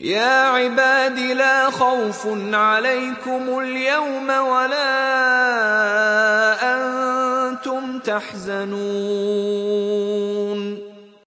يا عبادي لا خوف عليكم اليوم ولا أنتم تحزنون